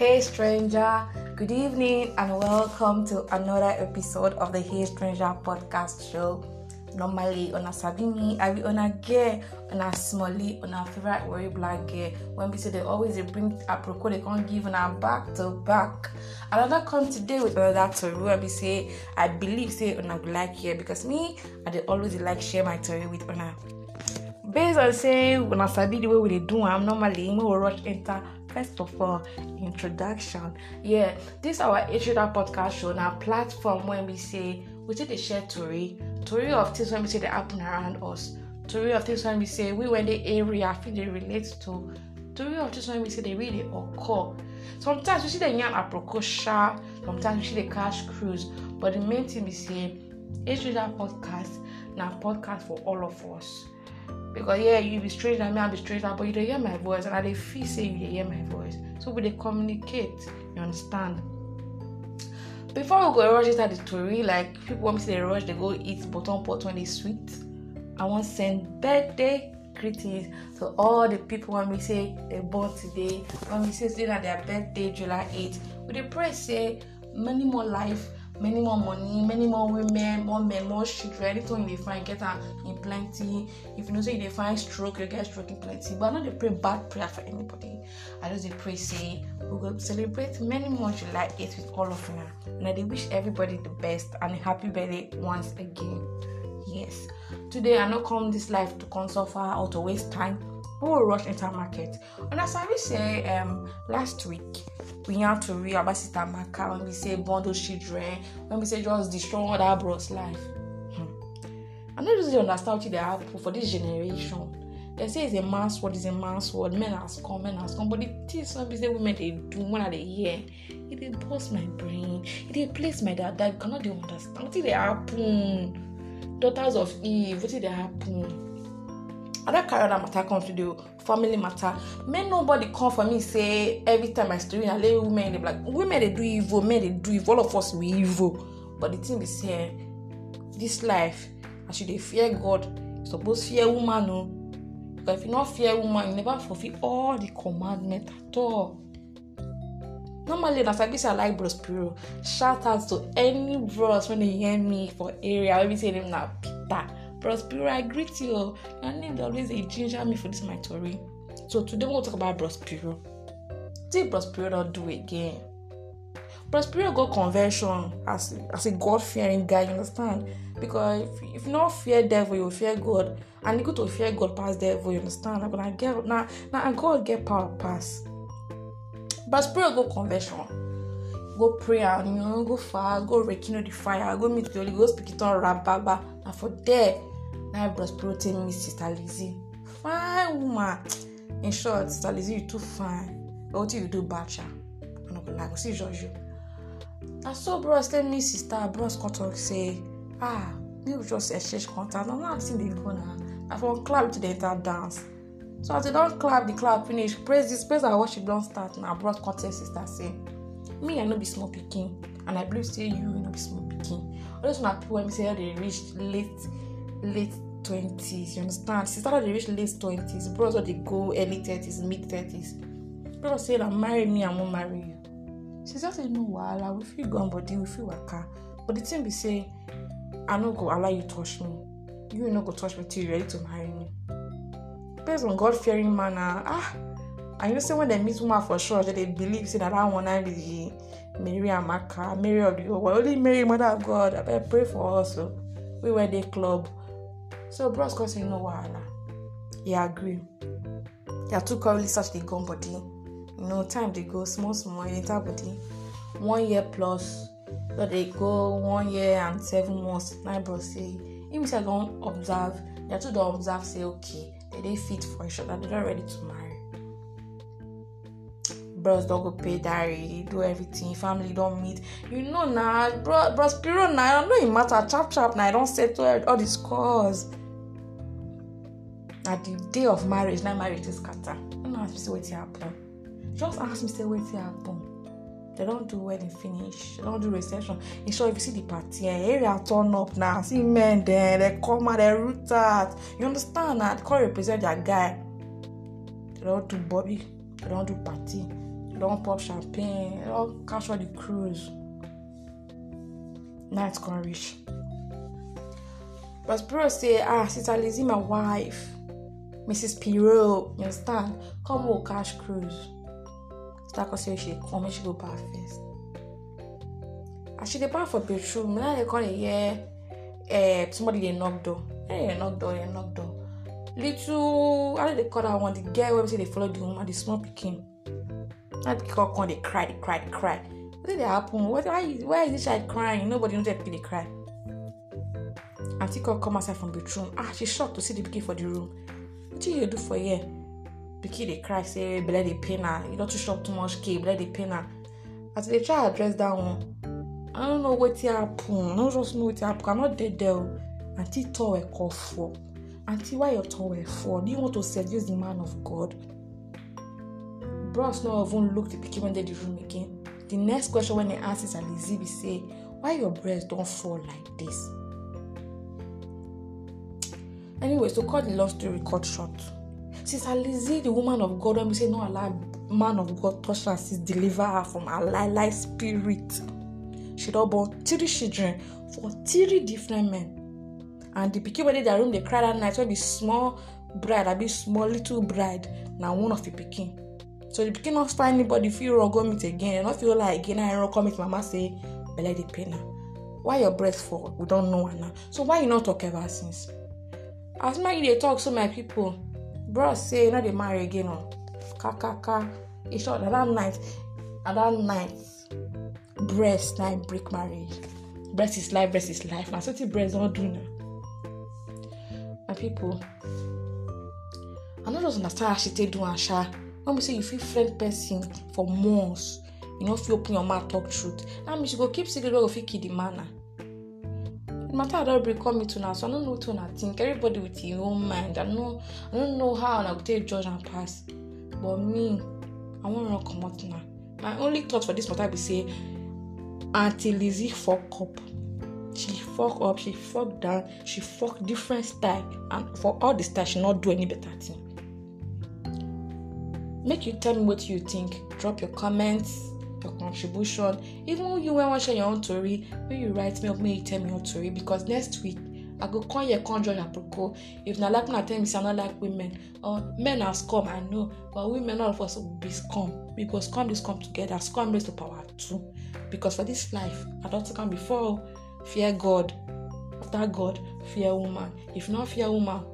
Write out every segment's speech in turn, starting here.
Hey stranger, good evening and welcome to another episode of the Hey Stranger podcast show. Normally, on a Sabini, I be on a gay, on a smally, on a favorite worry black gay. When we say they always they bring apropos, they can't give on a back to back. Another come today with another story where we say, I believe, say, on a like here because me, I they always like share my story with on a. Based on saying, when I sabi the way we do, I'm normally, we will rush enter first of all, introduction. Yeah, this our Etrida podcast show now platform when we say we take the share story, story of things when we say they happen around us, story of things when we say we went the area I feel they relate to, story of things when we say they really occur. Sometimes we see the young aprocosha, sometimes we see the cash cruise, but the main thing we say Etrida podcast now podcast for all of us. Because yeah, you be strange and me, I be strange but you don't hear my voice, and I they feel say you hear my voice. So we they communicate, you understand. Before we go rush into the story, like people want me to they rush, they go eat button pot when they sweet. I want to send birthday greetings to all the people when we say they born today, when we say today that their birthday July 8th. We they pray say many more life many more money many more women more men more children anything you dey find get am in plenty if you know say they find stroke you get stroke in plenty but i no dey pray bad prayer for anybody i just pray say we go celebrate many more july 8th with all of una and i they wish everybody the best and a happy birthday once again yes today i not come this life to come suffer or to waste time who rush enter market una sabi say um, last week we yarn tori about sister maka when we say bundle children when we say just destroy that bros life hmm. i no really understand wetin dey happen for this generation dem say it's a man's word it's a man's word men has come men has come but the things wey be say women dey do when i dey hear e dey burst my brain e dey place my dada you cannot dey understand wetin dey happen daughters of eve wetin dey happen i don't carry other matter come today o family matter make nobody come for me say every time i story na lay women dey black women they do evil men they do evil all of us we evil but the thing is here, this life I should fear god you suppose fear woman no. Oh. because if you not fear woman you never fulfill all the commandment at all normally na sabi say i like bros piro shout out to any bros when they hear me for area wey be say them now, peter Prospero, I greet you. Your name is always a ginger me for this my story. So today we're we'll talk about Prospero. Did Prospero not do it again? Prospero go convention as as a God fearing guy, you understand? Because if, if not fear devil, you fear God, and you go to fear God past devil, you understand? But I get now now and God get power pass. Prospero go convention, go pray and you know go fast, go rekindle the fire, go meet the Holy Ghost, speak it on rababa, and for there nine plus protein meet sister lizzie fine woman in short sister lizzie you too fine but wetin you do bacha i no go lie i go still judge you na so bros tell me sister bros come talk say ah make we just exchange contact na now thing dey go na na from club to dey enter dance so as they don clap the clap finish praise this praise and worship don start na bros come tell sister say me i no be small pikin and i believe say you no be small pikin all those una people wey be say dey reach late late 20s, you understand? Sister that they reach late 20s, brother they go early 30s, mid 30s. Brother say, marry me, I won't marry you. She just say, no, while I will feel gone, but we feel waka. But the thing be say, I no go allow you touch me. You no go touch me till you ready to marry me. Based on God fearing manner, ah, and you say when they meet woman for sure, that they believe say that I want to be Mary Amaka, Mary of the world, only Mary, Mother of God. I pray for us. So. Oh. We were the club. So bros come say no wahala. He agree. are too currently such the gun body. You know, time they go small small enter body. One year plus. So they go one year and seven months. Nine bros say if him say don't observe. too two not observe say okay. They fit for each other. They are ready to marry. bros not go pay diary do everything family don't meet you know nah, bro, bros period nah. i know it matter chop sharp Nah, i not settle all the scores At the day of marriage now marriage dey scatter no ask me say wetin happen just ask me say wetin happen they don't do wedding finish they don't do reception in short if you see the party eh area turn up now. see men dem they come out they root out you understand that? they come represent their guy they don't do bobby they don't do party they don't pop champagne they don't catch all the cruise Now it's gonna reach but bro say ah sister lizzie my wife Mrs. Pirro, you understand? Come with cash, cruise. Start say she come make she go back first. As she dey back for bedroom, na they call hear uh, somebody they knock door. Hey, eh, knock door, dey knock door. Little, how do they call that one? The girl When they say dey follow the woman, the small pikin. Na the girl come they cry, dey cry, dey cry. Wetin dey happen? What, why, why is this child crying? Nobody know that pikin dey cry. Auntie come come outside from bedroom. Ah, she shocked to see the pikin for the room wetin you do for here pikin dey cry say belle dey pain am you no too chop too much cake belle dey pain am as i dey try address that one i no know wetin happen i no just know wetin happen i no dey there o aunty towel come fall aunty why your towel fall do you want to seduce the man of god bros no even look the pikin wey dey the room again the next question wey dem ask is alizi be say why your breast don fall like this Anyway, so cut the love story cut short. Sister Lizzie, the woman of God, when we say no allow man of God touch her, sis deliver her from her lie lie spirit. She don born three children for three different men. And the pikin wey dey their room dey cry that night wey be small bride abi small little bride na one of the pikin. So the pikin no find anybody fit run go meet again, no fit hold her again, and run come meet mama say belle dey pain her. Why your breast fall? We don know am now. So why you no talk ever since? as mary dey talk so my pipo bros say e no dey marry again o oh. kakaka e short na that night na that night breast na im break marriage breast is life breast is life na certain breast don do na my pipo i no just understand how she take do am sha when be say you fit friend person for months you no fit open your mouth talk truth that means you go keep secret wey go fit kill the man na the matter I don't bring come me to now, so I don't know what I think. Everybody with your own mind. I know I don't know how I go take judge and pass. But me, I want run come out now. My only thought for this matter be say Auntie Lizzie fuck up. She fuck up, she fuck down, she fuck different style, and for all the style, she not do any better thing. Make you tell me what you think. Drop your comments. your contribution, even when you want to share your own story, when you write me up, may you tell me your story because next week I go call your come join Aproko. If na like una tell me say I not like women or men are scum, I know, but women all of us will be scum. We go scum this come together, scum raise to power too. Because for this life, I don't come before oh. fear God. After God, fear woman. If not fear woman,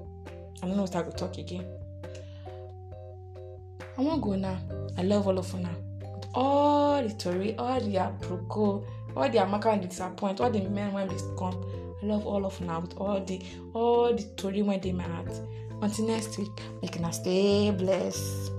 I don't know what I go talk again. I won't go now. I love all of you now. all the tori all the aproko all the amaka wey dey disappoint all the men wey dey come i love all of una with all the all the tori wey dey my heart until next week make una stay blessed.